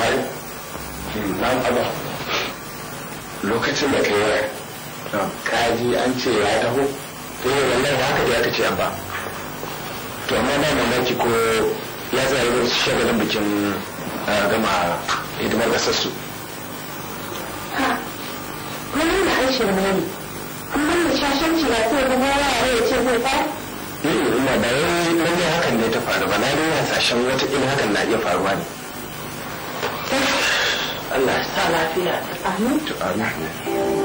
waye na aba lokacin da ka yi kaji an ce ya taho ko yi wannan ba haka da ya aka ce ba to amma na mamaki ko ya zai shagalin bikin eh, gama hidimar ƙasar su kullum da an shirme ne kullum da shashanci ba sai ga bawa ya ce zai fara ina da yawan hakan ne ta faru ba na yi sashen wata hakan na iya faruwa ne Allah ya sa lafiya. Amin. To amin.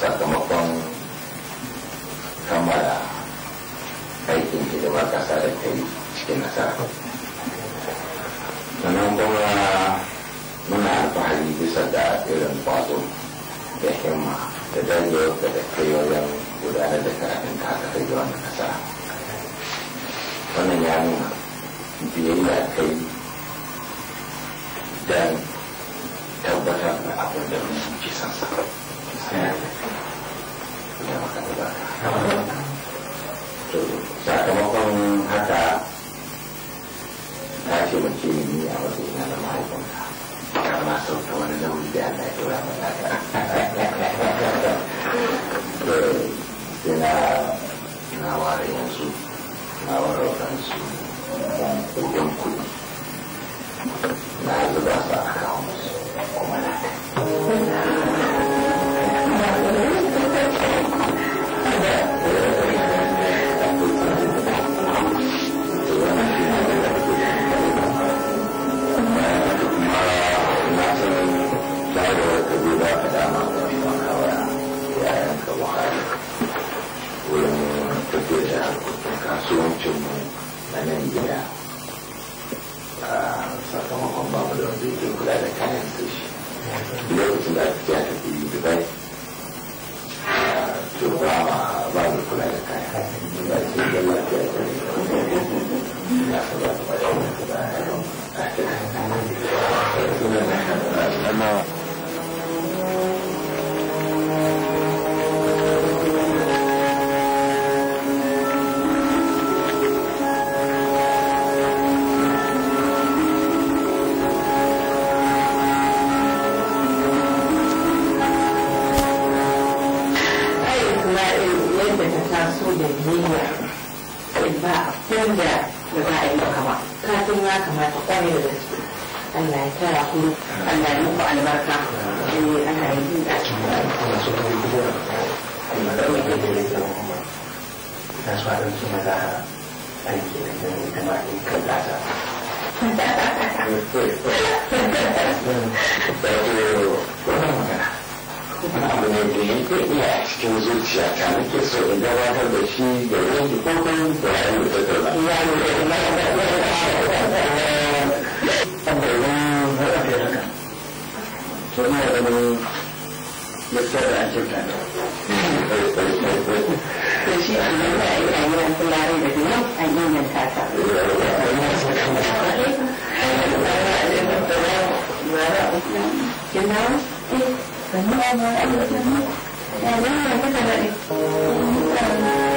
sakamakon kammala aikin hidima ƙasa da kai cikin nasara muna bisa irin da himma da da kai gudanar da karatun da aka kai wannan ƙasa wannan ya nuna biyayya kai don tabbatar da abin da mun ke san sa sakamakon haka na ce mace ni a wasu ina da mahaifinka kama sauka wani nauyi da Allah ya tura mana ka sai na yanzu power of us we don't quit. Now the house, a gida ah, sakamakon babu da wanda yake kula da kayan su shi ya kamata kwarai da gaske Allah ya tara ku Allah ya muku albarka eh Allah ya yi da na so a ɗauki maza a yi ke da gani da ma'in kan gasa. Wannan magana. wani abu ne da yake iya a cikin zuciya ta nake so in gabatar shi da wani kokon da ya yi da ina da wani da an kyauta ne. da shi a Thank you.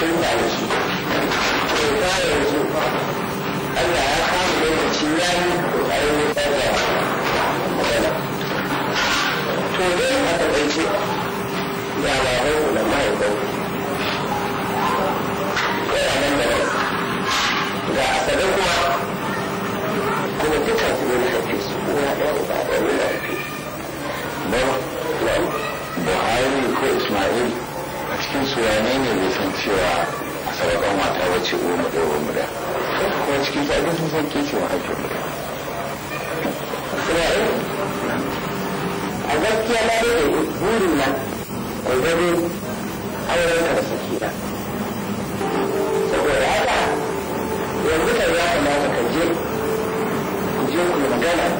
sunna da shi to ta yanzu Allah ya kama lokaci ya yi kokarin ya tsaya to dai a taƙaice ga baban ulama ya bau yana nan da nan ga asalin kuma kuma duka su ne na su ɗaya ɗaya ne na don Buhari ko Ismail cikin su wane ne bai san cewa a sabakan mata wacce goma da goma da kuma cikin su sun san kishin wa haifin mu a gaskiya na da burin na gwagwado auren ka da sakina saboda haka yanzu kan ya kamata ka je ku je ku magana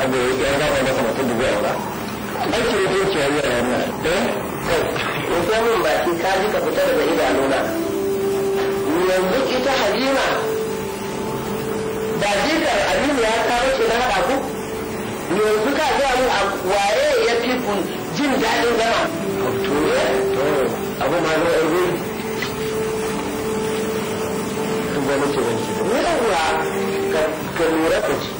abu ya gaba masa mutum da zai aura aiki ne zai ciwa yi a yana don wasu eh? yamin baki ka ji ka fita daga idanuna yanzu ita halima ba jikar aminu ya kawo ce na haɗa ku yanzu ka zuwa mu a waye ya fi jin daɗin zama to to abu ma zo ɗarbi tun ba nake wanki ba ka lura ka ci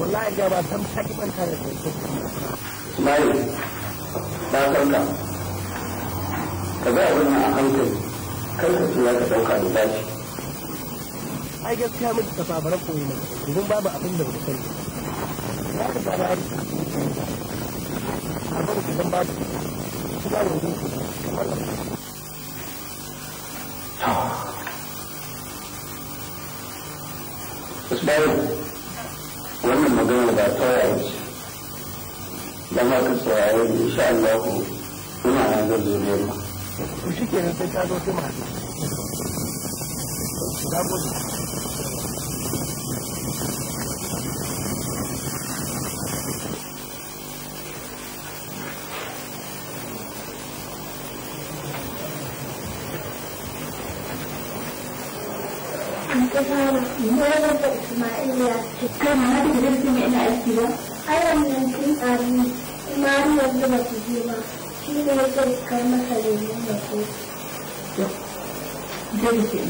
wallahi ga ba san saki ban da su mai ba san ka ka ga wannan a hankali kar ka ce ka dauka da bashi ai gaskiya mutu ta fabara koyi ne idan babu abin da ba sani ba ka fara ai abin da ban babu kuma da wani kamar Ismail, dole ba ta yi don haka tsayayen insha Allah ina nan da zuriya ma. Shi ke nan sai ka zo ta ma. kai ma na kike da jima ina aiki ba ai wannan kin tsari kuma har ba su je ba shi ne ya kai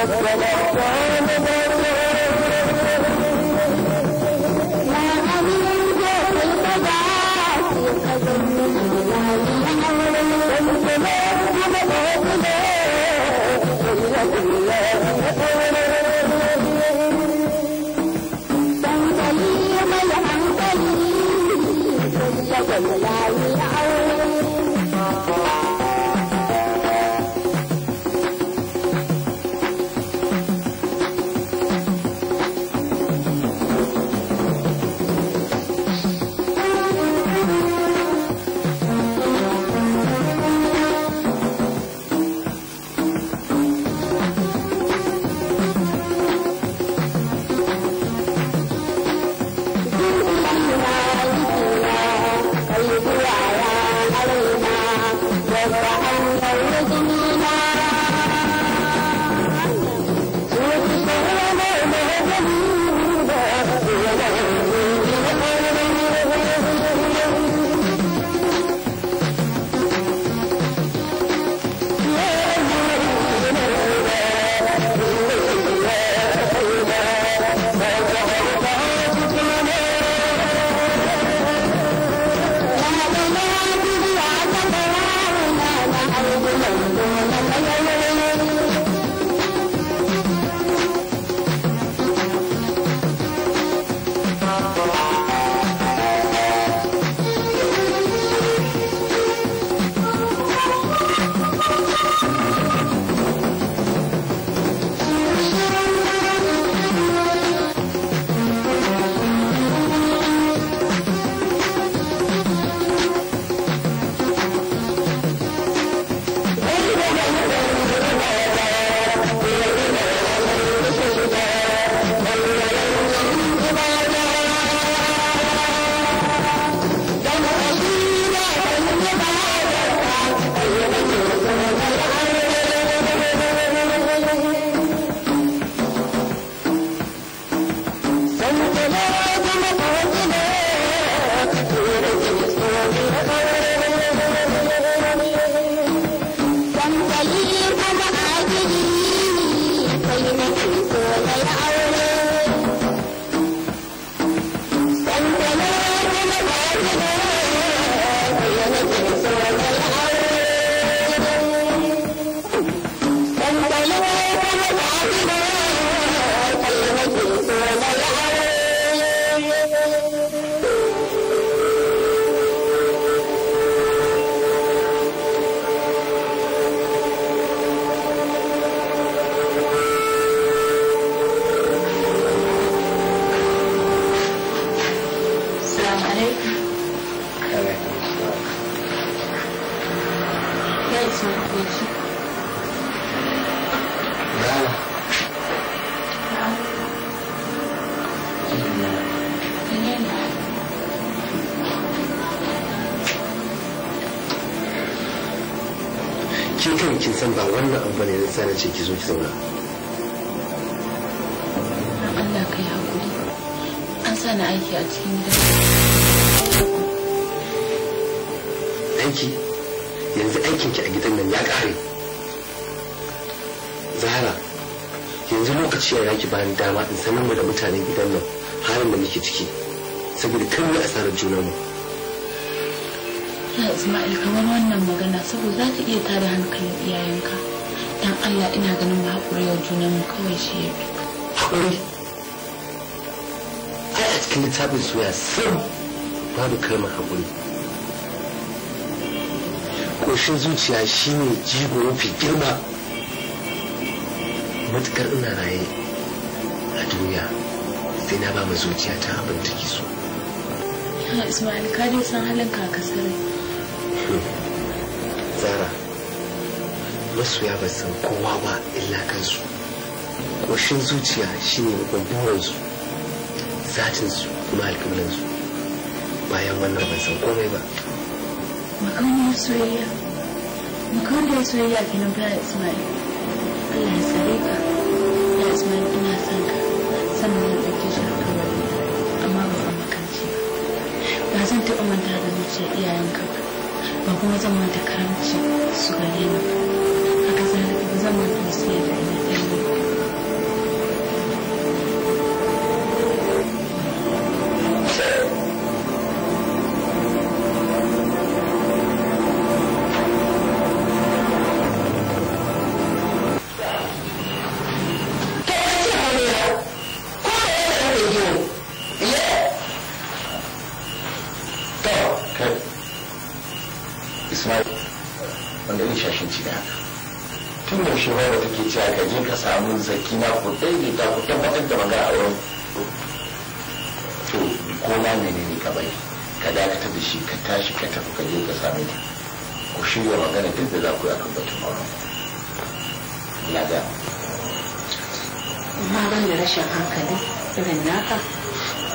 That's the zo ki zauna Allah kai hakuri an sani aiki a cikin gida. aiki yanzu aikinki a gidan nan ya kare zahara yanzu lokaci ya yaki bani dama in sanar mu da mutanen gidan nan halin da muke ciki saboda kan mu asarar junanmu ya isma'il kamar wannan magana saboda za ta iya tada hankalin iyayenka don Allah ina ganin mu haƙuri wa junan mu kawai shi ya fi. Haƙuri? Ai a cikin littafin soya sam babu kalmar haƙuri. Ƙoshin zuciya shi ne jigo mafi girma. Matuƙar ina raye a duniya sai na ba mu zuciya ta abin ke so. Ismail ka san halin kakasar. masoya ya san kowa ba illa kansu ƙoshin zuciya shine babban burinsu zatinsu kuma alƙiblansu bayan wannan ban san komai ba makauniyar soyayya makauniyar soyayya ke nan bayan ismail allah ya tsare ka ya ismail ina son ka sannan ya ɗauke shi a kan amma ba a makanci ba ba zan taɓa manta da zuciyar iyayenka ba ba kuma zan manta karamci su gare ni ba someone can see it anything. cewa ka je ka samu kudai ne ta ku tabbatar da magana a wurin to ko ma ne ne ka bari ka dakata da shi ka tashi ka tafi ka je ka sami ta ku shirya magana duk da za ku yi akan batun auren na ga amma ban da rashin hankali irin naka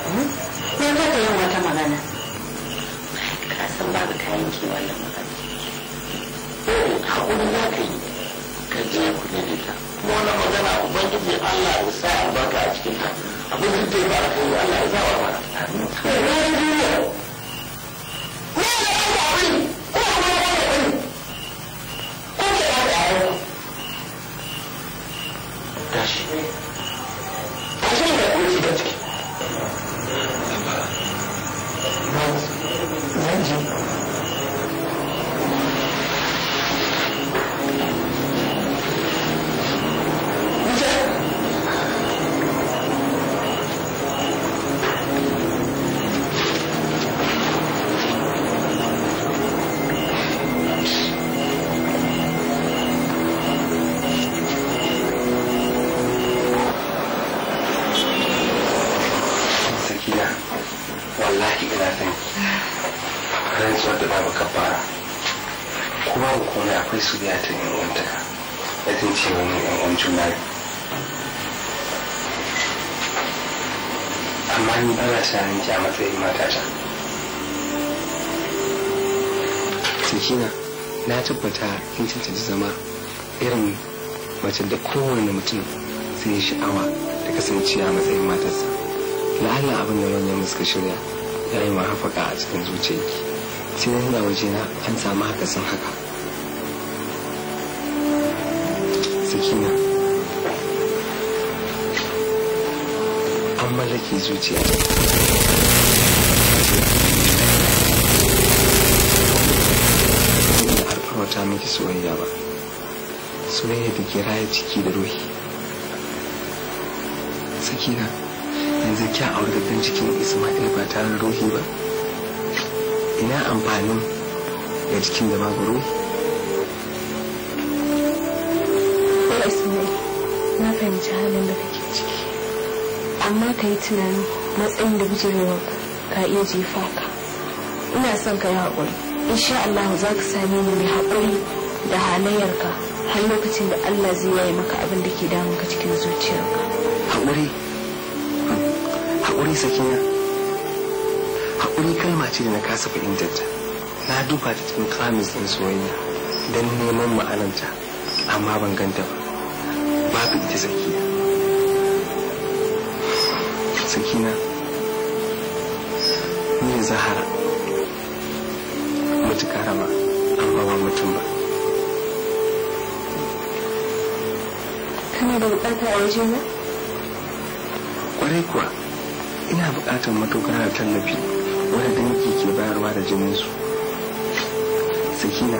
hmm? ne za ka yin wata magana ka san ba ka ki wannan magana oh, hakuri za ka yi da kuɗi da ita. Kuma wannan magana Ubangiji Allah ya sa albarka a cikin ta. Abin da zai fara Allah ya sa wa ba wani ko ne ba da wani. Tashi. da na na tabbata kin cancanci zama irin mace da kowane mutum sun yi sha'awa da kasanciya matsayin matarsa la'alla abin da manyan muska shirya ya yi mahafaka a cikin zuciyarki sai na nuna wajena an samu haka sun haka sakina an mallake zuciya kawata miki soyayya ba soyayya da ke raya ciki da ruhi sakina yanzu kya auratattun cikin isma'il ba tare da ruhi ba ina amfanin da cikin da babu ruhi na fahimci halin da kake ciki amma ka yi tunani matsayin da bijirewa ka iya jefa ka ina son ka yi haƙuri insha Allah za ka sami ni mai haƙuri da halayyarka har lokacin da Allah zai yi maka abin da ke damun ka cikin zuciyarka haƙuri haƙuri sakina haƙuri kalma ce da na kasa fahimtarta na duba ta cikin kamis ɗin soyayya don neman ma'ananta amma ban ganta ba Ba ka ita sakina sakina ni zahara wata karama an ba mutum ba kana da bukata a waje ne. kwarai kuwa ina bukatar matukar da tallafi wadda dangi ke bayarwa da jininsu sakina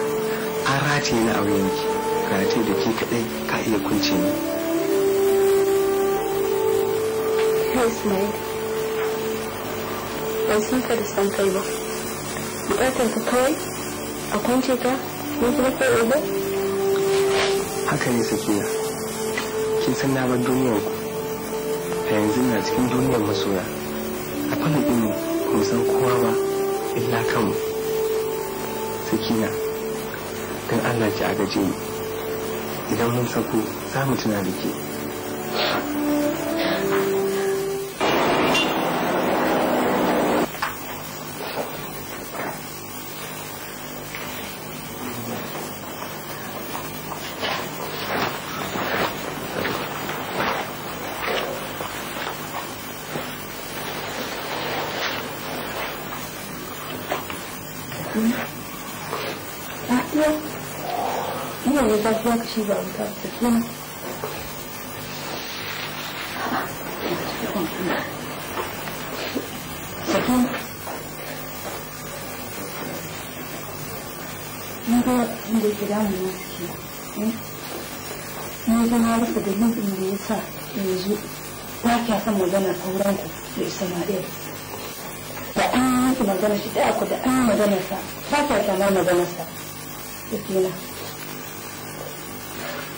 an rati ni na aurenki rataye da ke kadai ka iya kunce ni Ismail, ban da bukatar ka kawai a kwance kuma haka ne sakiya kin san na bar duniyar ku a yanzu na cikin duniyar masoya a fannin ilimi mu san kowa ba illa kanmu sakina don allah ki agaje mu idan mun sako za mu tuna da ke الشيبة أو بتاع التسليم سكون ماذا من الكلام المسكين ماذا نعرف بدلين إن يكون هناك باكي أسمى لنا أورانك لإسماعيل da an yi maganar shi da aku da an maganarsa ba ta kama maganarsa da kenan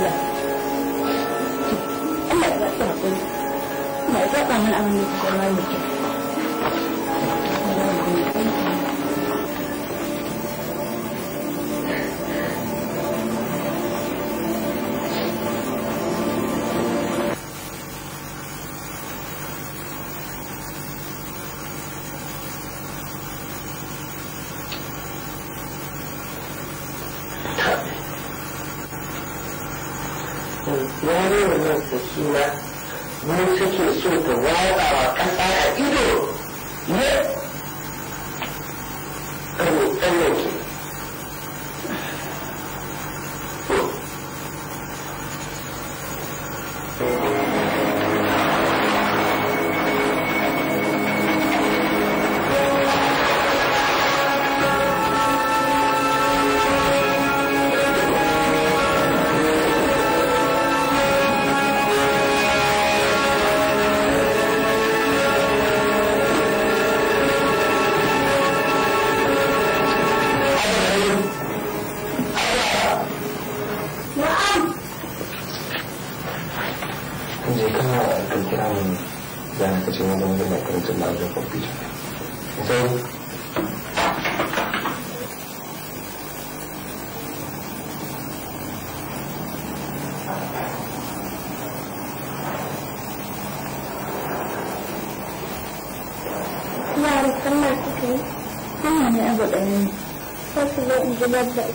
Allah Allah ya ba su government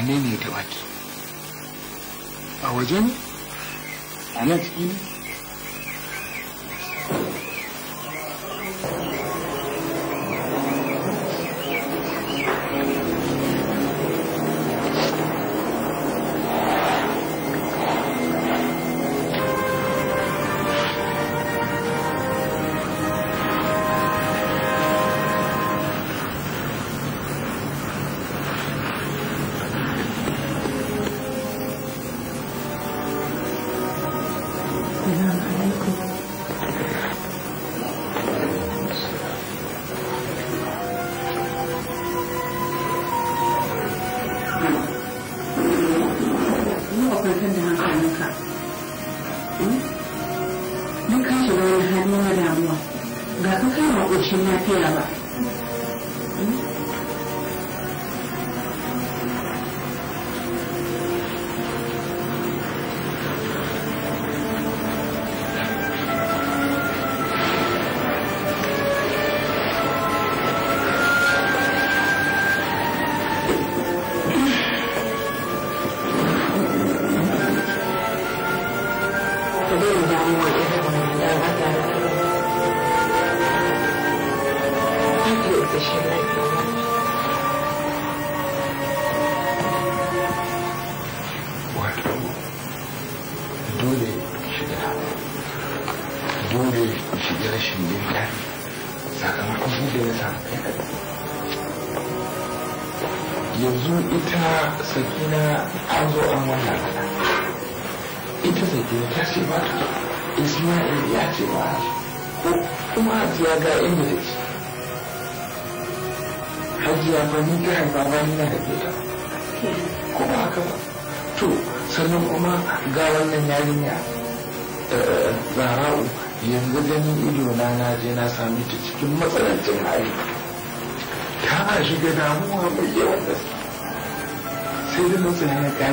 wane ne da wake a wajen a nan cikin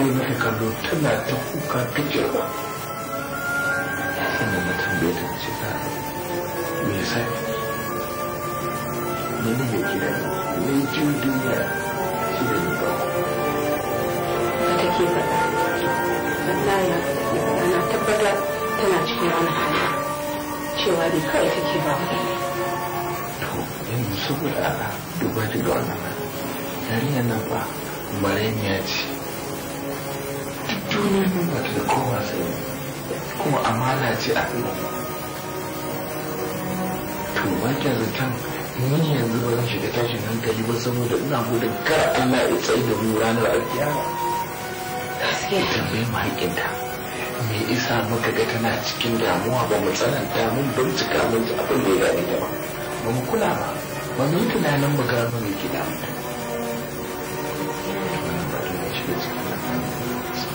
yi mata kallo tana ta kuka ta girma sannan na tambaye ta ce ta me ne ne gida ne jin duniya shi da ni ba ta ke faɗa wallahi tabbata tana cikin wani hali cewa ne kawai take ba to yanzu saboda duba daga wannan yarinyar nan ba marayin ce ba ta da sai kuma amana ce a kai to wancan zaton ni yanzu ba zan shiga tashin hankali ba saboda ina gudun kar Allah ya tsaye da mu ranar alkiyama gaskiya tambaye mu me isa muka ga tana cikin damuwa ba mu tsananta mun bincika mun ji abin da ya ba ba mu kula ba ba mu yi tunanin mu gano me gida damu ta ba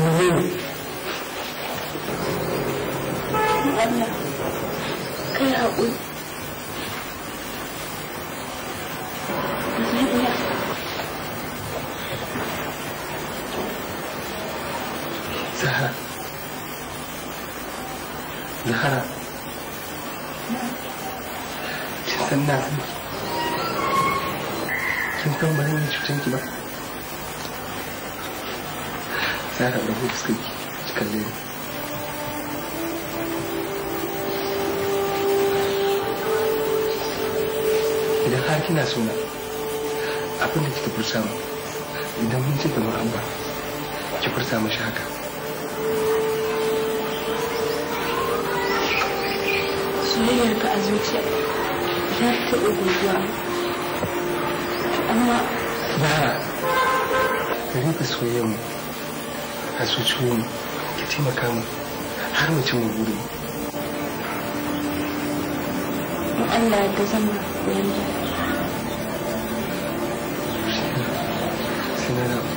kai haƙuri suna abin da kika furta mu idan mun ci gaba an ba ki furta shi haka soyayyar ka a zuciya za ta taɓa amma ba ka rika soyayyar mu a zuciyoyin mu ki taimaka mu har mu ci mu buri mu Allah da zama wani that up.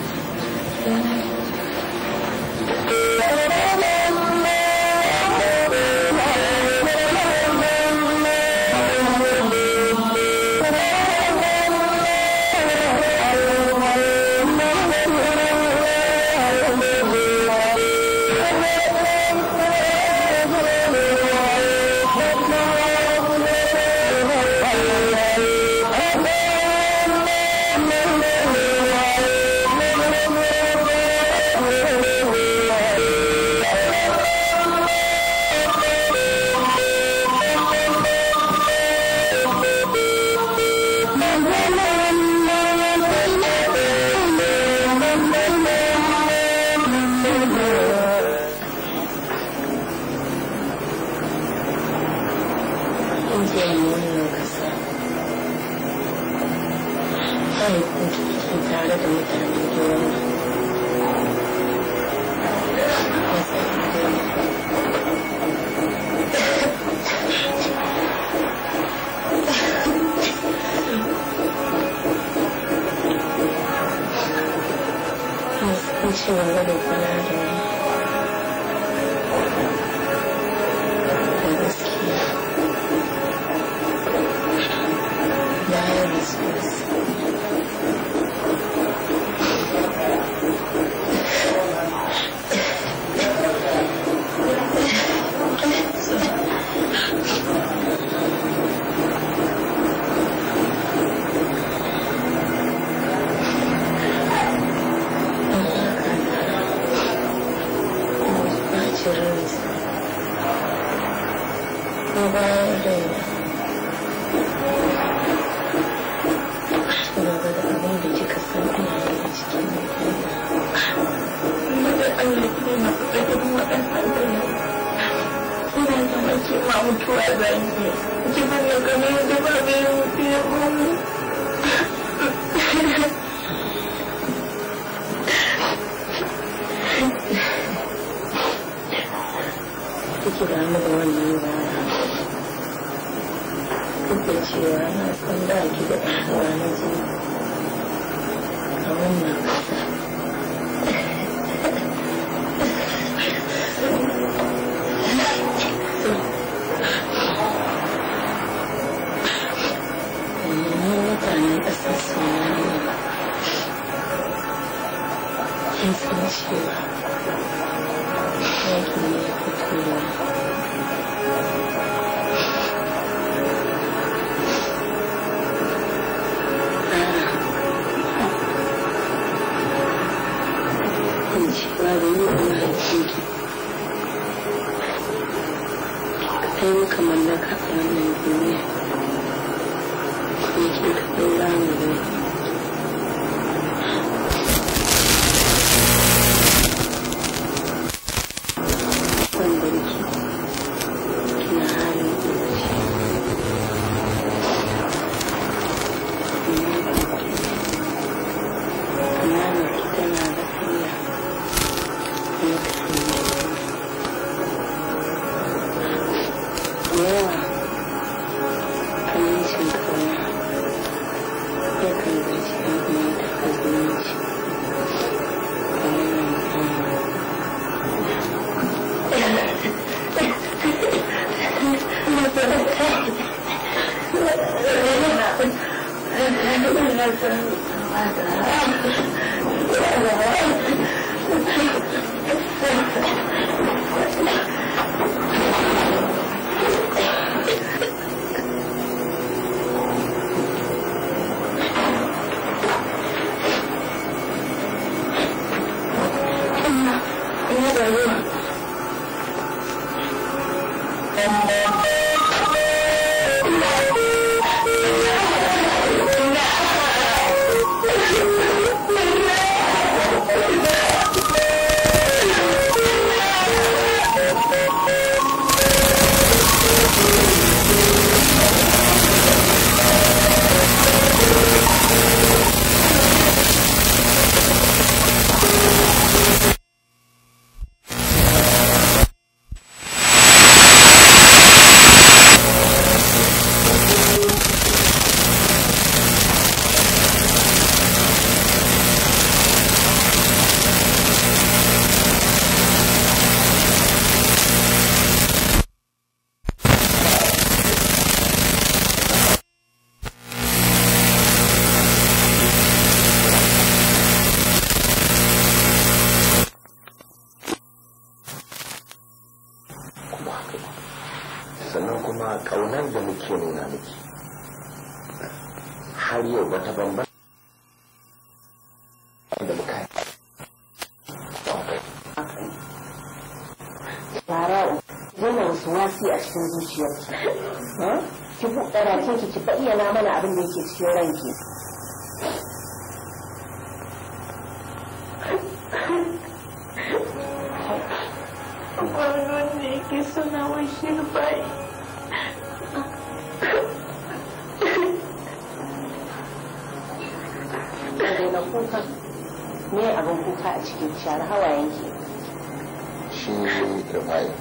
sacrifice.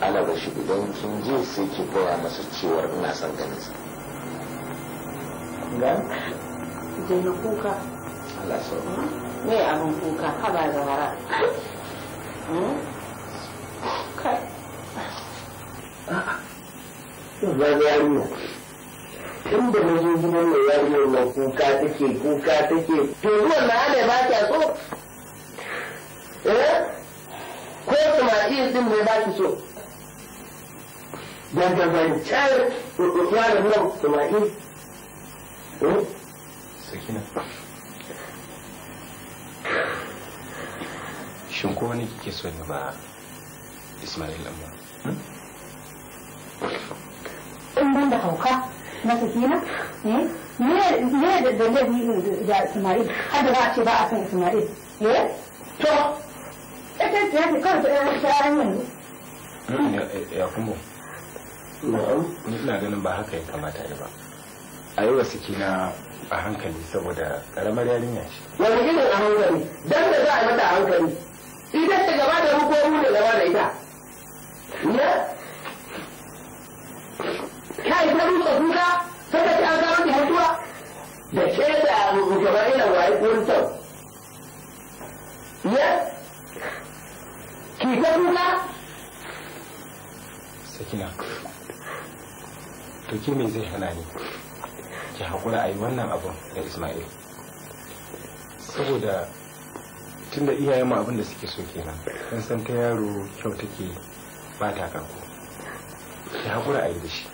ana da shi idan kin je sai ki koya masa cewar ina son ganin sa ga na kuka Allah so me abin kuka ka ba zawara hmm? kai ba ne tun da na yi gidan mai yarinya na kuka take kuka take to zuwa na da ba ta so ismail din mai ba ki so daga zancen yaron nan ismail eh? sakina shin ko wani kike so ne ba ismail amma hmm? in ban da hauka na sakina ne eh? da dalilin da ismail har da ba a ce ba a san ismail eh? to ta siya ta kawai ta yaran yanzu. Ya kuma. Ni ina ganin ba haka ya kamata ya ba. A yi wasu kina a hankali saboda karamar yarinya ce. Wani irin a hankali, don da za a mata a hankali. Ita ta gaba da ruko da gaba da ita. Ya? Ta yi ta rusa kuka, ta ta ci an kawo ki mutuwa. Da ke da gaba ina waye ko Ya? ki ta duka sakina to me zai hana ni ki haƙura a yi wannan abun da ismail saboda tunda iyayen abun da suke so kenan an san ta yaro kyau take ba ta kanku ki haƙura a yi da shi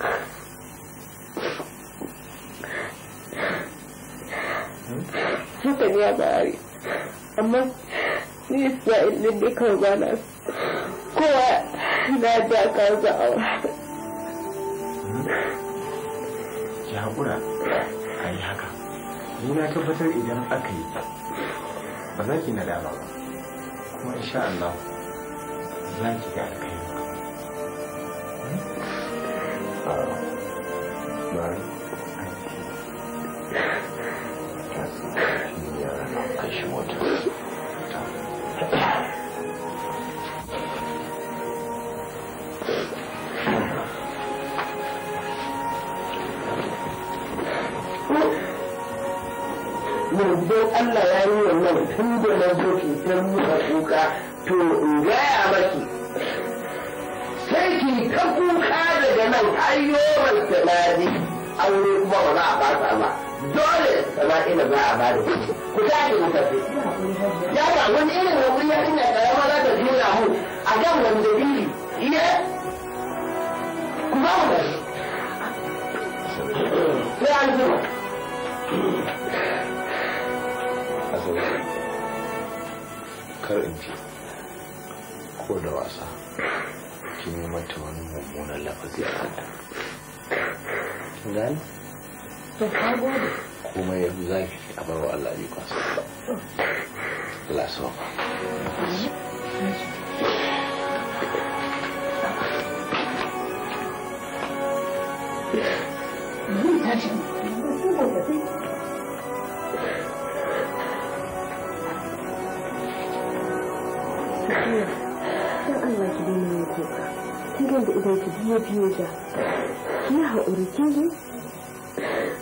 hmm? haka ne a amma ni isra'il din ne karba na kowa na da karba a ki haƙura a yi haka ni na tabbatar idan aka yi ba za ki nadama ba kuma insha Allah za ki ga alkai Thank you. yanzu Allah ya yi wannan tun da na zo ki ta kuka to in gaya maki sai ki ta kuka daga nan mai ta lari aure kuma ba za a ba ta ba dole sama'ila za a ba da ku tashi tafi ya ba wani irin wani ya ina karama za ta jura mu a kan wani dalili iya ku ba mu da sai an zuwa kar in ji ko da wasa kin yi mata wani mummunan lafazi a kanta gani to ka gode kuma yanzu za ki a barwa Allah ne kwasa Allah sa ba Thank you. Girgiz da idanki biyu biyu da ki haƙuri kin ji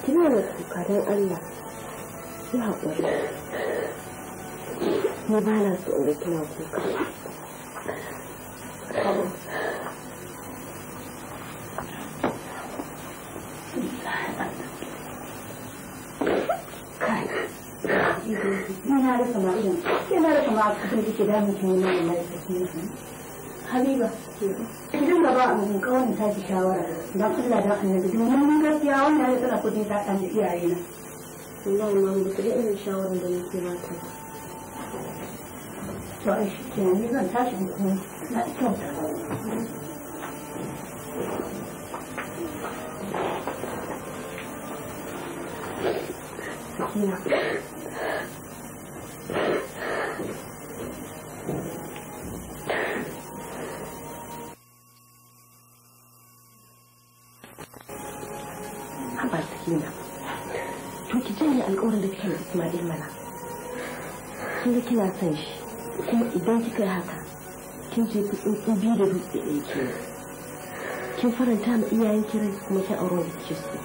ki nuna kuka don Allah ki haƙuri ni ba na so in kina kuka Yana da kama idan, yana da kama a cikin da ke damu ke nuna da lafiya. Habiba, jumla ba abin kawai na tashi shawara don Allah da annabi domin mun gaskiya wannan ya tsara kudi ta kan iyaye na wallahi ma mu kudi irin shawaran da nake ba ta to ai shi ke ni zan tashi in kuma na kyauta Sakina. Ismail mana. Kin kina san shi kuma idan kika yi haka kin je ku tsuntsu biyu da dutse ɗaya ke. Kin faranta ma iyayen kirai kuma kin aure da kike so.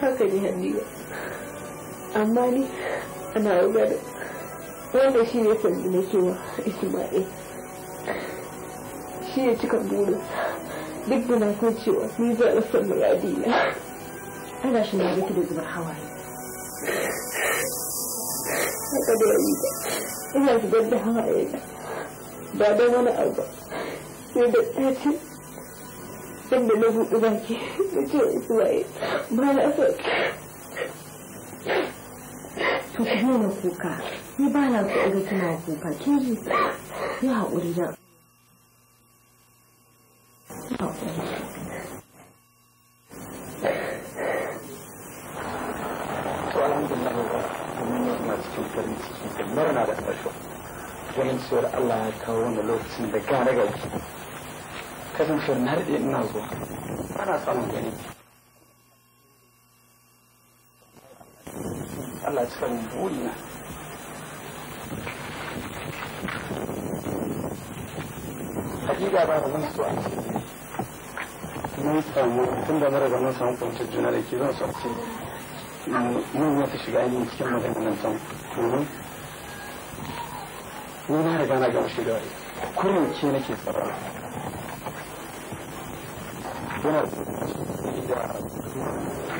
Haka ne Hadiza. Amma ni ana rubar wanda shi ne sanzu na kewa Ismail. Shi ya cika buru duk da na san cewa ni za a san muradina. sai shi ne ga da zubar hawaye haka da yi ina zubar da hawaye ba don wani abu sai da tace inda na hudu baki da ce isma'il ba na so to ku nuna kuka ni ba na so kuka kin ji ya haƙuri da cikin farin ciki da murna da ƙarshe ganin cewar Allah ya kawo wani lokacin da gane ga ki kasancewar na daɗe ina zuwa ana samun ganin Allah cika mun burina hakika ba da mun so a cikin mun samu tun da mara riga mun samu kwanciyar juna da ke zan so a cikin mun wata shiga yin cikin maganganun can domin ni na riga na gama shiga kurin ke nake tsara yana da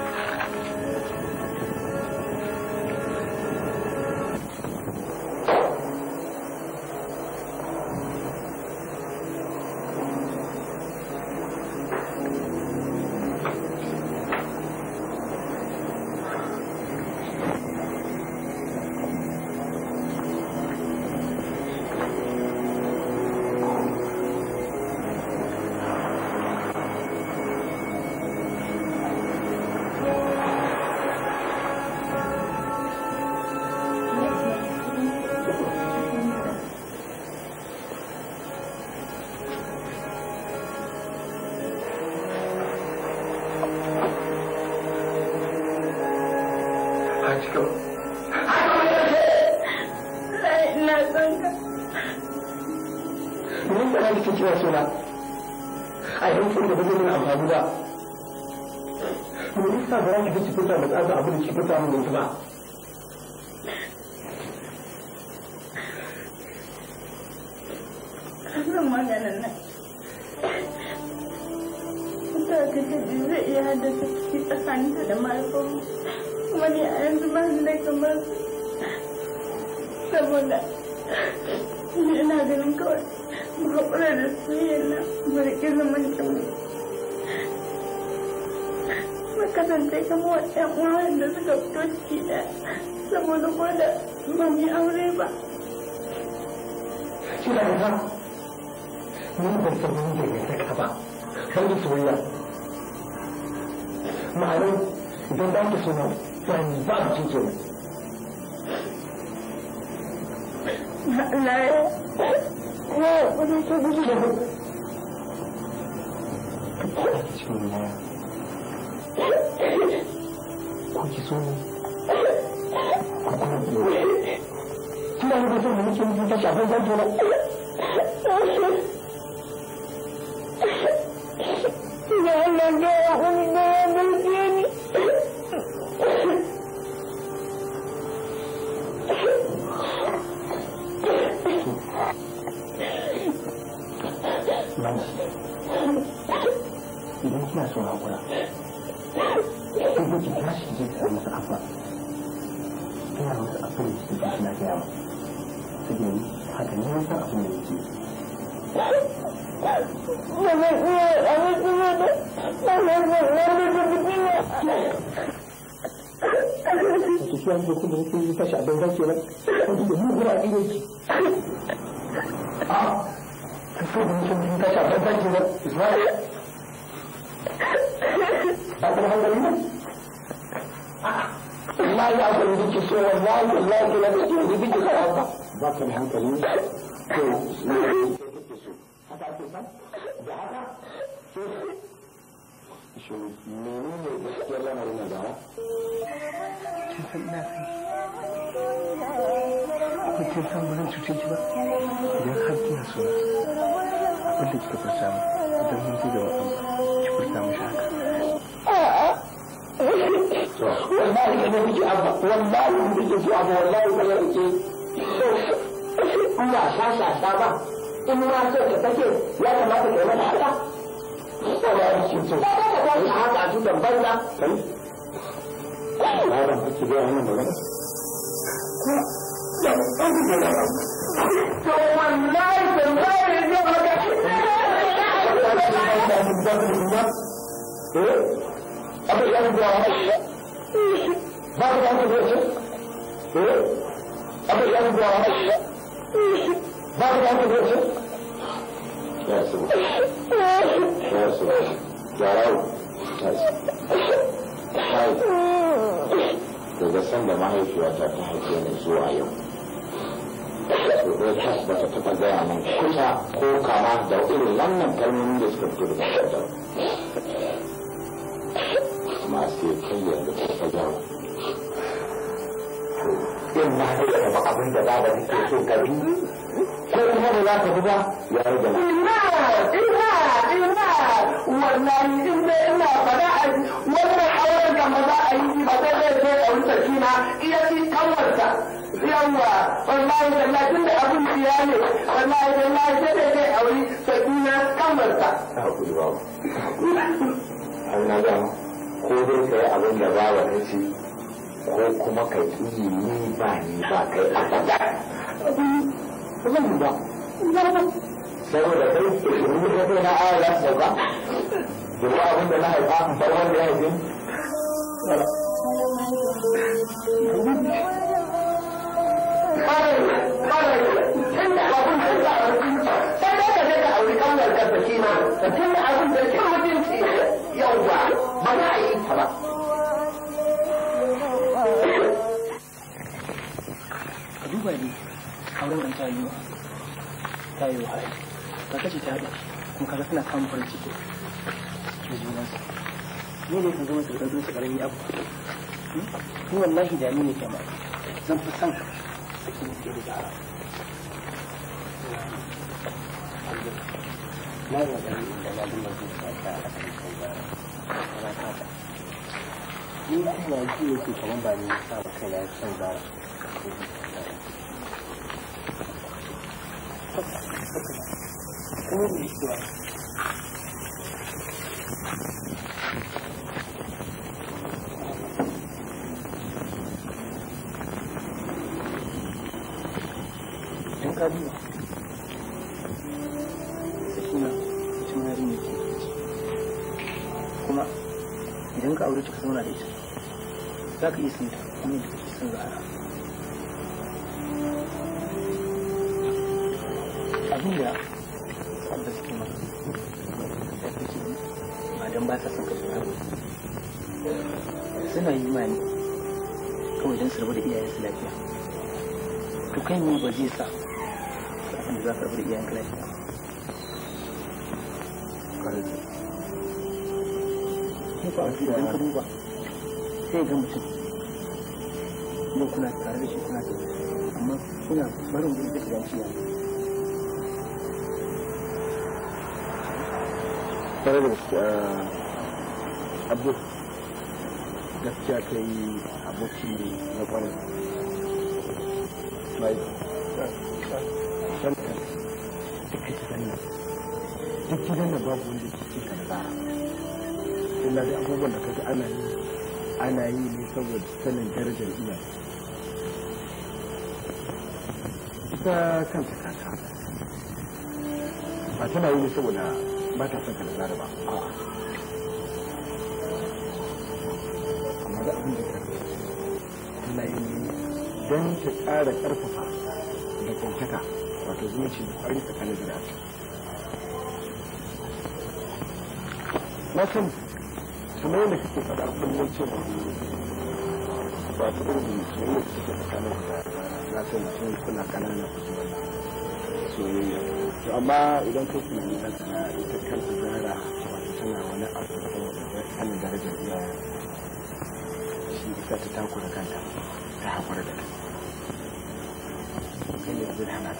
不那个，干，这不就欺负咱们，是吧？我告诉你，让你爸去救。哪来？我我都不知道。我告诉你呀，我我诉你，我告诉你，就让你爸从门前去叫小胖先出来。我，我，我，我，我。bani idan son masa a ɗin ممكن ينتشر حبك كده اسمعي اخر حاجه لينا والله يعقل يديك شيء والله والله كده بيجي يديك الحبه ذاك الحمد لله هتعرف تسمع؟ بحاجه shi mene ne gaskiyar lamarin na zama? kin san ina san ki san ba zan ki ba idan har kina so abin da kika furta mu idan mun ji gaba kan ki shi haka wallahi ka nemi ki abba wallahi kun ki abba wallahi ka ki ina sha sha ba in ma sai ka take ya kamata ka yi mana haka ko ya yi shi so kai haka a tutar banza kai ba da kuke da wannan magana to wallahi wallahi ne ba ka eh abu yan da wani ba ka da wani eh abu yan da wani ba ka da wani Nasıl? Nasıl? Yarar. Nasıl? Daga san da mahaifiyata ta haife ni zuwa yau. Sosai tas ba ta taɓa gaya min kusa ko kama da irin wannan kalmomin da suka fito daga ƙasar. Masu kai yanzu ta fajar. in ma zai zama abin da baba nake so ka bi ko kuma ba za ka bi ba ya rage na ina ina ina wallahi in dai ina faɗa a wannan auren da maza a yi ba zai zai zo a wuce shi na iya fi kanwarta yawa wallahi wallahi tun da abin siya ne wallahi wallahi sai dai zai auri sakina kanwarta Allah ga ko zai kai abin da baba nake ko kuma ka ƙi ni ba ni ba kai abada saboda kai na aya za su sauka abin da na haifa bar wanda ya abin da yau ba ba za a yi ta ba. rayuwa tayi wahala ba ta ce ta haɗa kuma kaga suna samun farin ciki da junansu ne ne ka zama tsirkar su ƙarami abu ni wallahi da ni ne kyama zan fi son ka sakin da ke da na yi magana da na bin da zuwa ta a kan kai ba na kata ni kuma ji yake kamar ba ni sa ba kai na son ba 哦，你说。gani ba zai sa abin da za ka ne a sai ga mutum kuna tare da shi kuna amma kuna barin gudu da tare da ah, abu gaskiya kai aboki na kwanan duk gidan da babu wanda ke illa abubuwan da kaga ana yi ana yi ne saboda sanin darajar iya ita kanta ba tana yi ne saboda ba ta son ba amma da abin da ta tana yi ne don ta ƙara ƙarfafa abokantaka wato zumunci da kwarin tsakanin zira wasan kamar yadda kake faɗa kullum cewa ba ta irin soyayya da take tsakanin da na san sun kuna kanana ku ji soyayya to amma idan ka kuma ni dan kana ita kanta zara wato tana wani abu da kan darajar iyaye shi ita ta takura kanta ta haƙura da kai के लिए बिठाना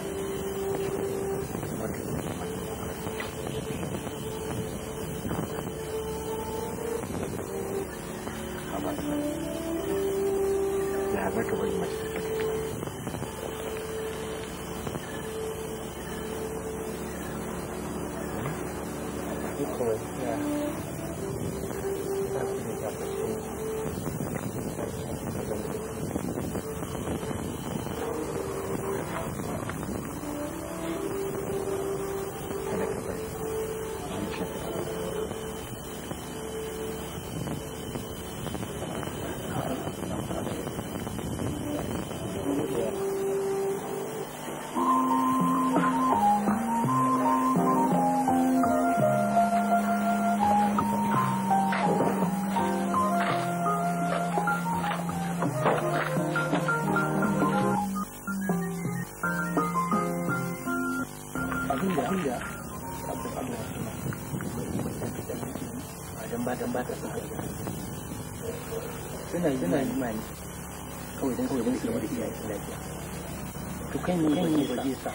tukan yi wani waje sa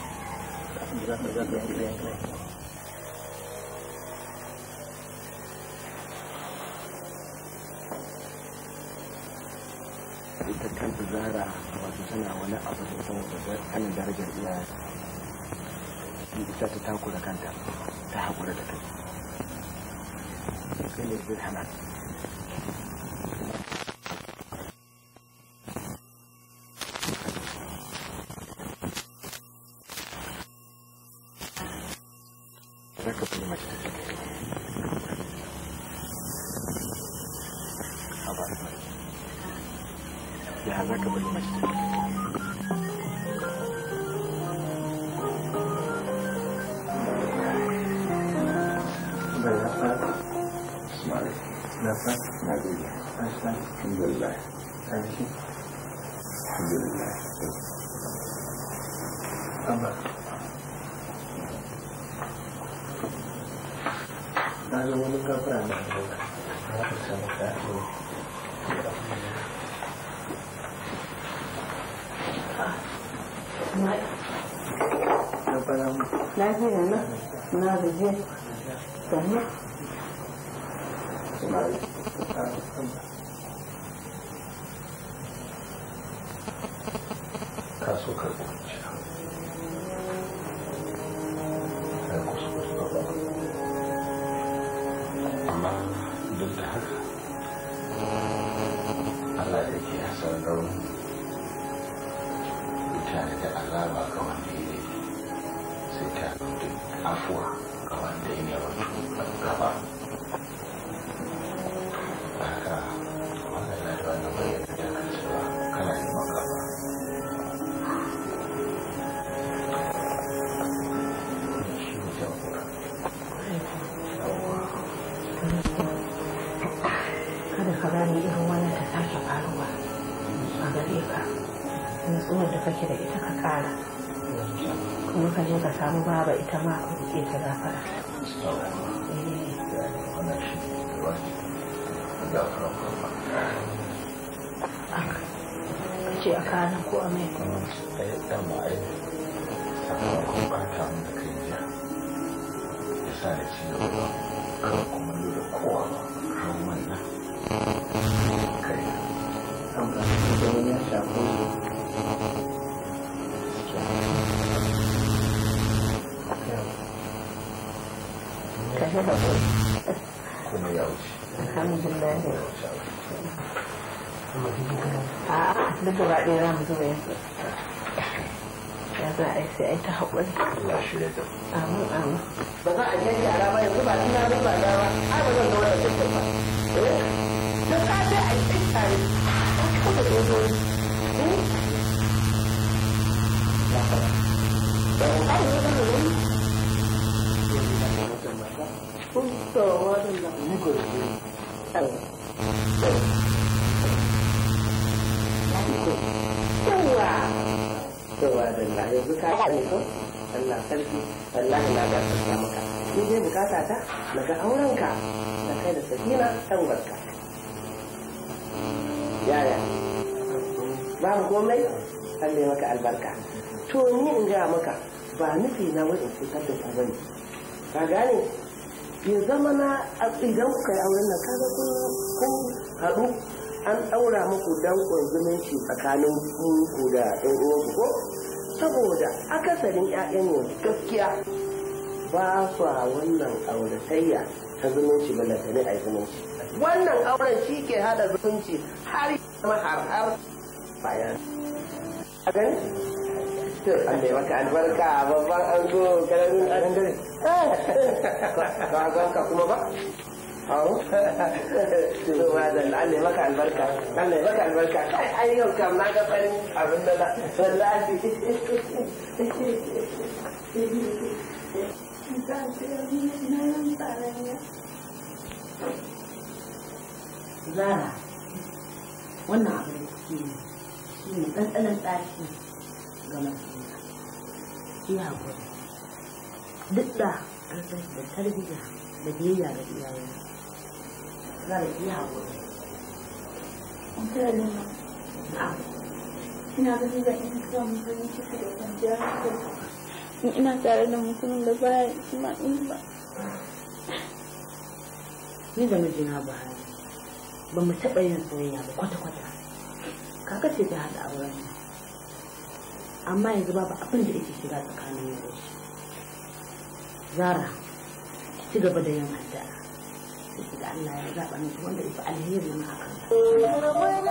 ita kanta zara wato tana wani abu da saboda ana darajar iyaye ita ta takura kanta ta haƙura da kai kai ne zai hana बैठे हैं ना ना दीजिए ka samu baba ita ma a rike ta gafara eh. ka ce a kanan ko a mai mu da kai jiya ya sa da ci gaba kuma kowa wannan kai an ba zama ya shafi kuma ya wuce alhamdulillah a duk gaba ɗaya za mu zuba yanzu ya za a yi sai a yi ta haƙuri a je ji ala ba yanzu ba ni da ba ai ba zan ga wani cikin ba duk ka ta kuma dodo ne ba ba ba ba to wadanda ni ko yawa to wadanda yanzu ka sani ko Allah ga na ga aurenka na kai da sakina yaya komai Allah maka albarka to ni in gaya maka ba nufi na wani cutar da ku bane ka gane ya zama na idan kuka yi auren nan kaga kun kun haɗu an ɗaura muku dankon zumunci tsakanin ku da ɗan uwanku ko saboda akasarin 'ya'yan yanzu gaskiya ba sa wannan auratayya ta zumunci da ne a zumunci wannan auren shi ke hada zumunci har har har bayan a gani to Allah ya maka albarka babban ango karamin ɗan dare ka ganka kuma ba Awo, to ba da Allah ya maka albarka, Allah ya maka albarka, kai ai yau kam na ga Zara, wannan abin da yi, shi ne ga ki haƙuri duk da an san da tarbiyya da biyayya ga da haƙuri ma ina ganin da in da in ina tare da mutumin da baya ima in ba ni da mijina buhari ba mu taɓa yin soyayya ba kwata-kwata kaka ce ta haɗa auren amma yanzu babu abin da yake shiga tsakanin da shi zara ki ci gaba da yin addu'a sai da Allah ya zaba miki wanda ya fi alheri ma akan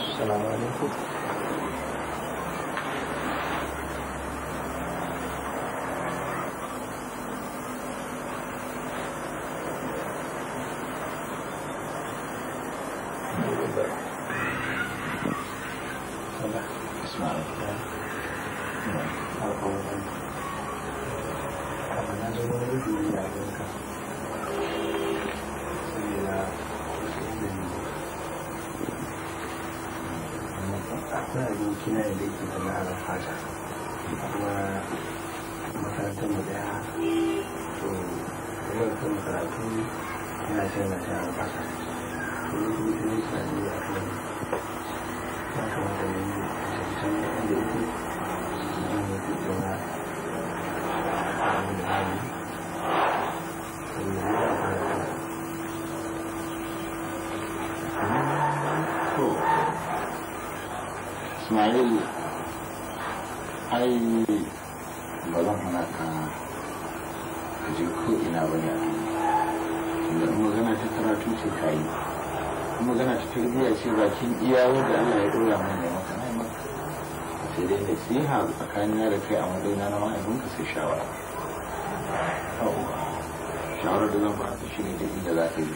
Assalamu nasiha tsakanin da kai a madaina na mahaifinka sai shawara shawarar da zan ba ta shi ne da inda za ka yi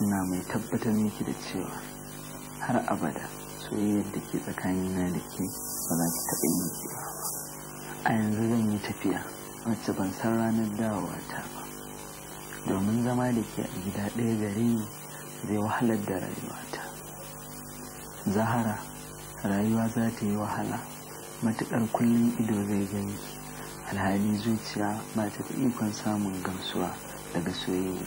ina mai tabbatar miki da cewa har abada soyayyar da ke tsakanina da ke ba za ki taɓa yi miki ba a yanzu zan yi tafiya wacce ban san ranar dawowa ta ba domin zama da ke a gida ɗaya gare ni zai wahalar da rayuwata zahara rayuwa za ta yi wahala matuƙar kullum ido zai gani alhali zuciya ba ta ikon samun gamsuwa daga soyayya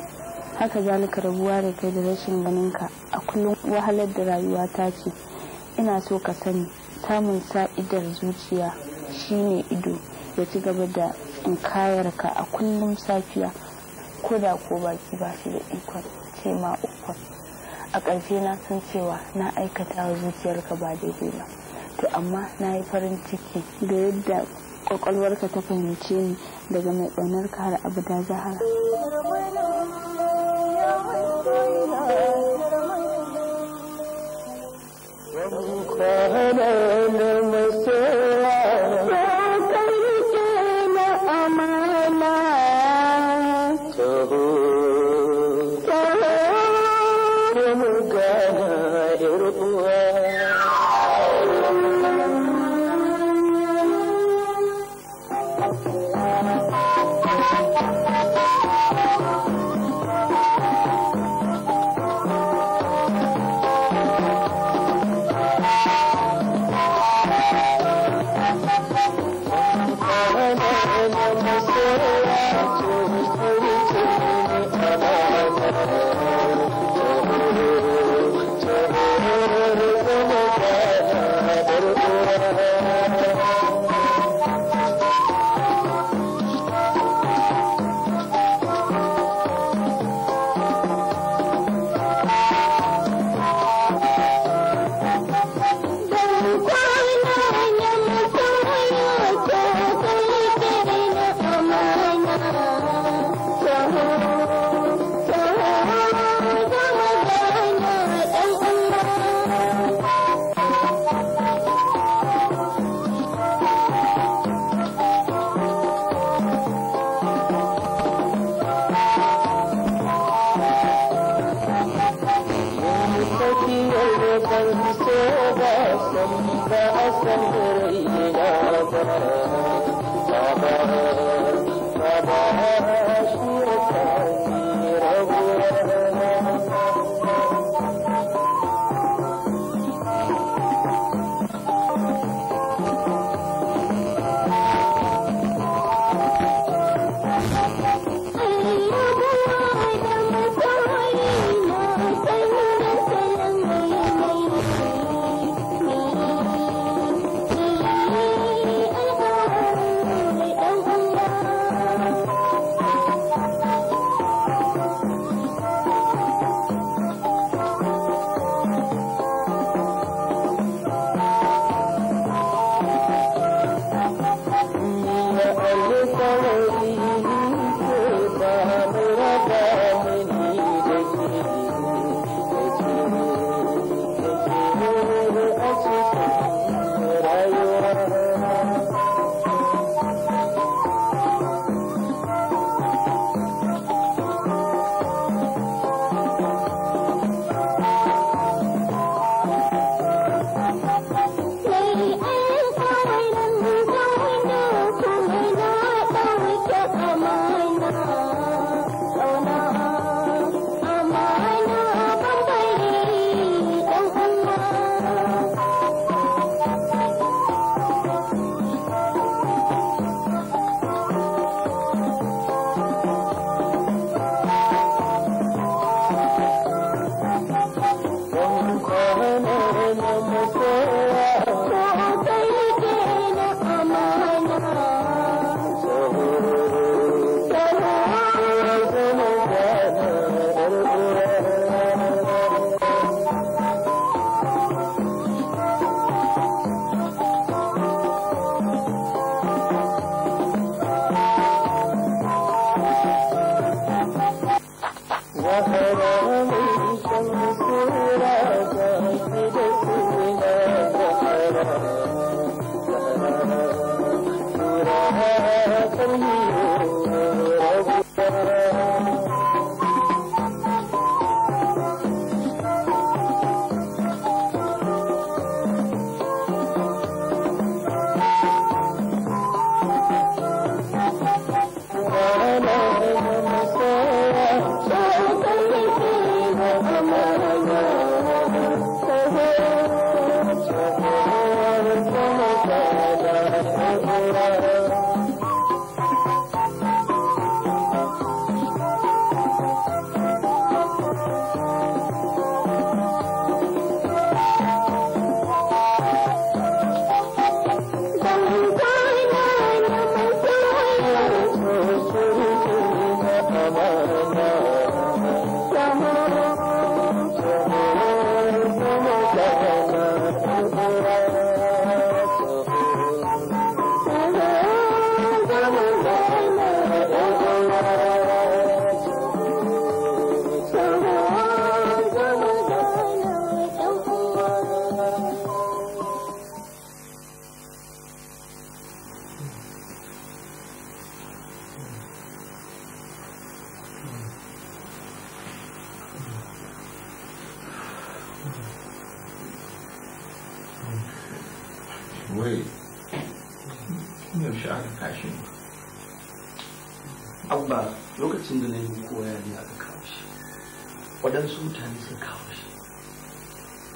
haka zalika rabuwa da kai da rashin ganinka a kullum wahalar da rayuwa ta ce ina so ka sani samun sa'idar zuciya shine ido ya ci gaba da inkayarka a kullum safiya ko da ko baki ba shi da ikon ce ma a ƙarshe na san cewa na aikata wa zuciyarka ba daidai ba to amma na yi farin ciki da yadda kwakwalwarka ta fahimce ni daga mai ƙaunarka har abu da zahara Father.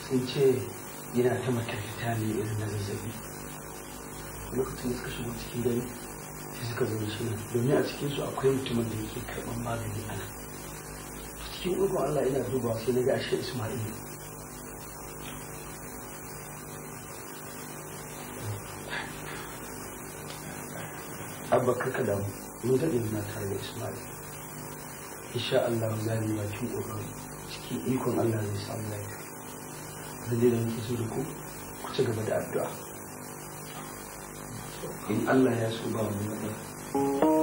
sun ce yana ta makarkata ne irin na zazzabi lokacin da suka shigo cikin gari sai suka zo shi nan domin a cikinsu akwai mutumin da yake karɓar magani a nan cikin ugun Allah ina duba sai na ga ashe Ismail abba kaka da mu mun daɗe na tare da Ismail insha Allah za yi bakin ƙoƙari cikin ikon Allah zai samu lafiya zai da muke da ku ku ci gaba da addu'a in Allah ya so ba wani matsala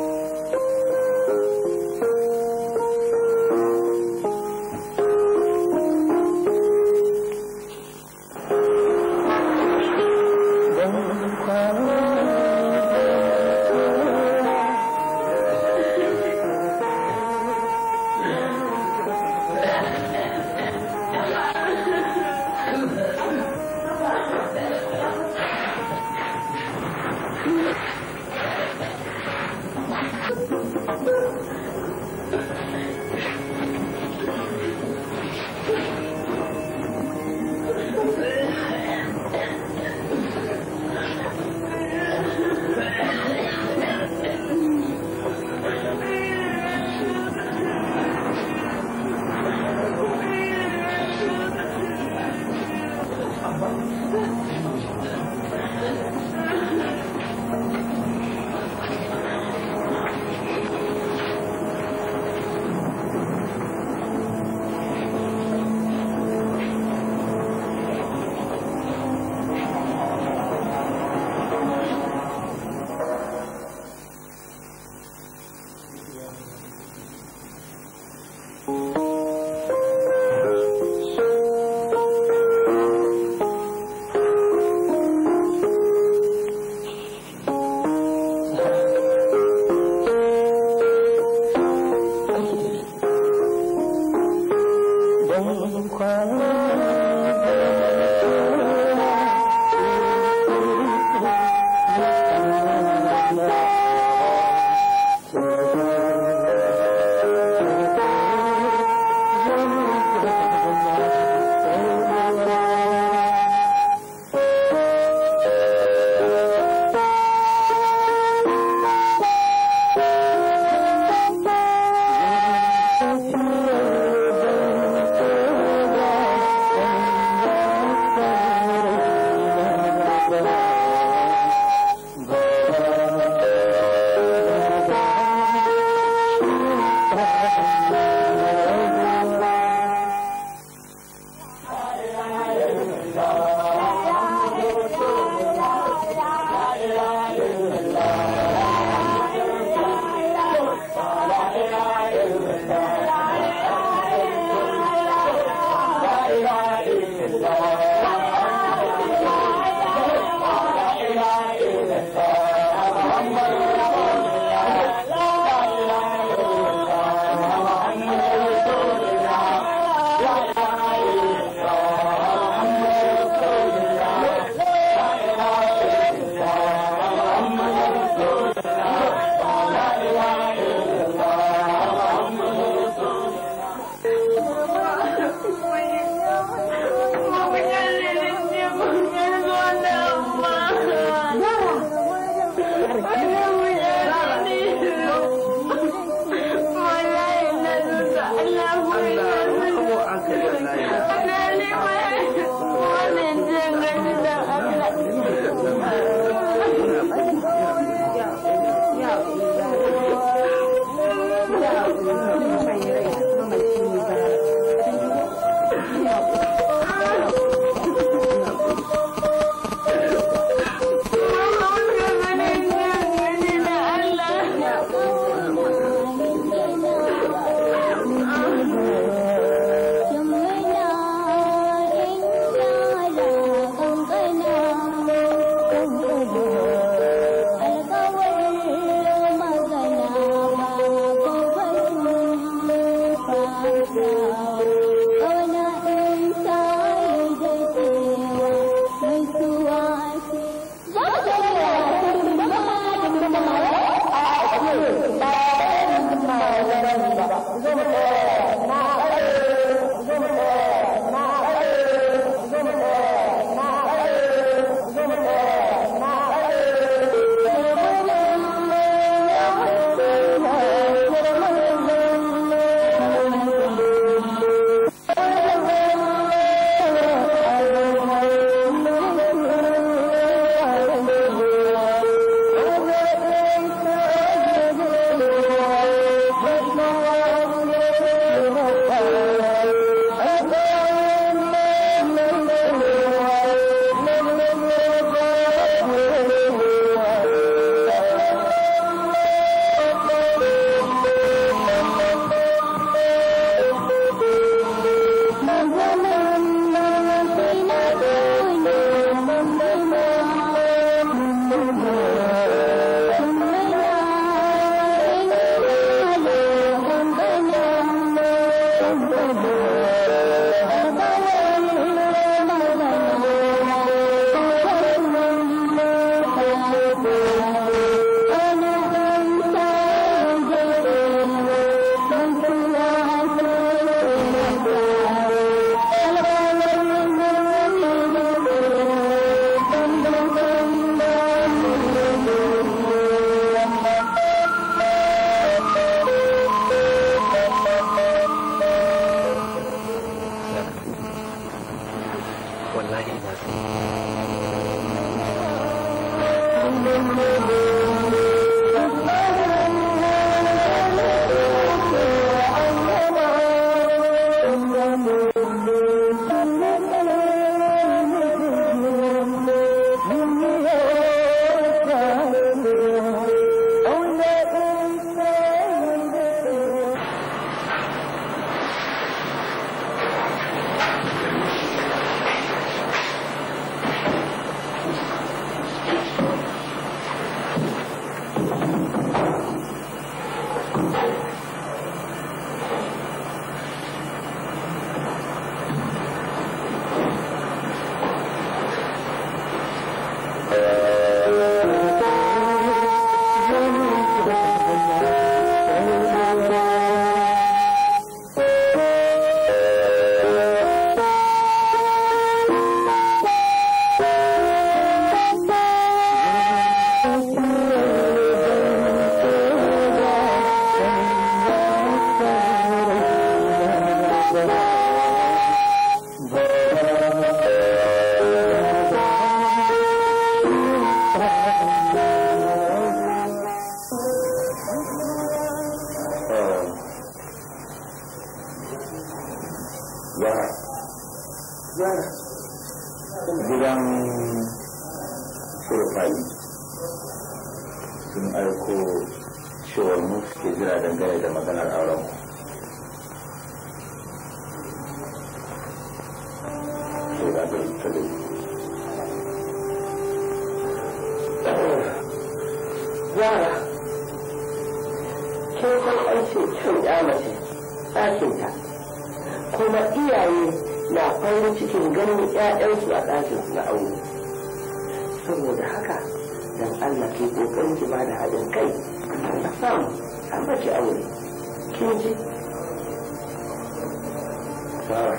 fara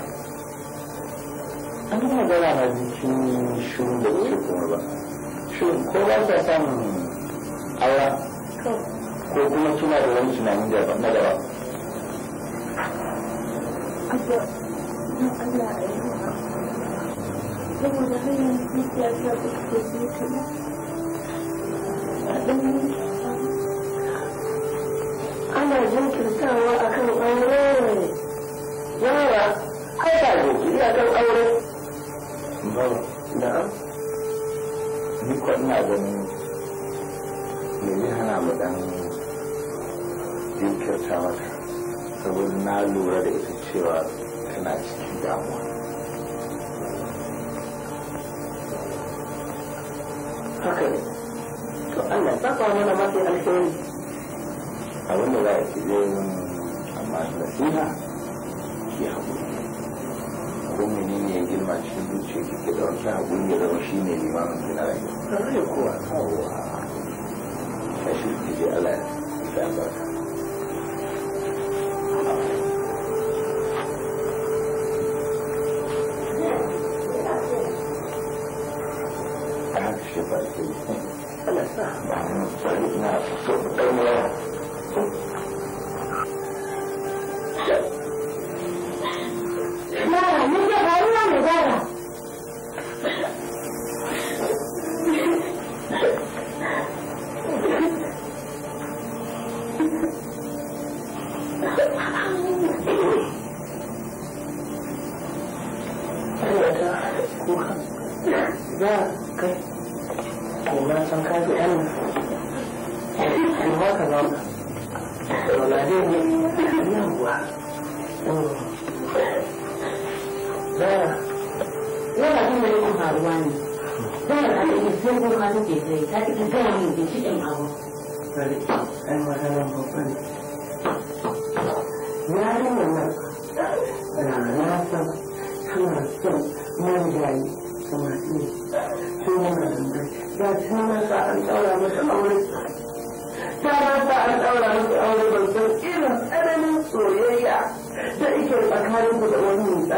an yi magana na jikin shirin da ke kuma ba shirin ko ba sa samun aura ko kuma kina da wani tunanin da na gaba ana jinkirtawa kyautata mata saboda na lura da ita cewa tana cikin damuwa haka to Allah ta kawo mana mafi alheri abin da za a ce zai amma nasiha ki haƙuri ko ne ya girma cikin zuciya ki ke da wani haƙuri ya zama shi ne limamin ki na rayuwa. Kare kowa kawowa. Allah ya albarka. لا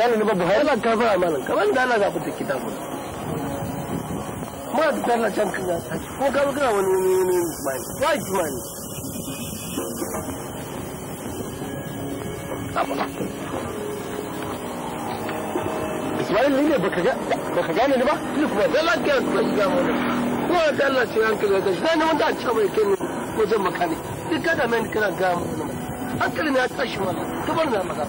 gane ni babu hayala ta fara malam kamar da Allah zaɓi da kitabun ma da tarla can kan yasa ko ka bi kana wani wani wani mani ya ji mani Ismail ne baka gane ni ba? Ni kuma da Allah ka yi shiga wani. Kuma da Allah ce hankali ya gashi. Zai wanda a ci ne wajen makani. Duk ne ya tashi mana. Tubar na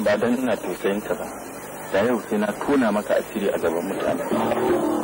ba dan ina tausayinta ba da yau sai na tona maka asiri a gaban mutane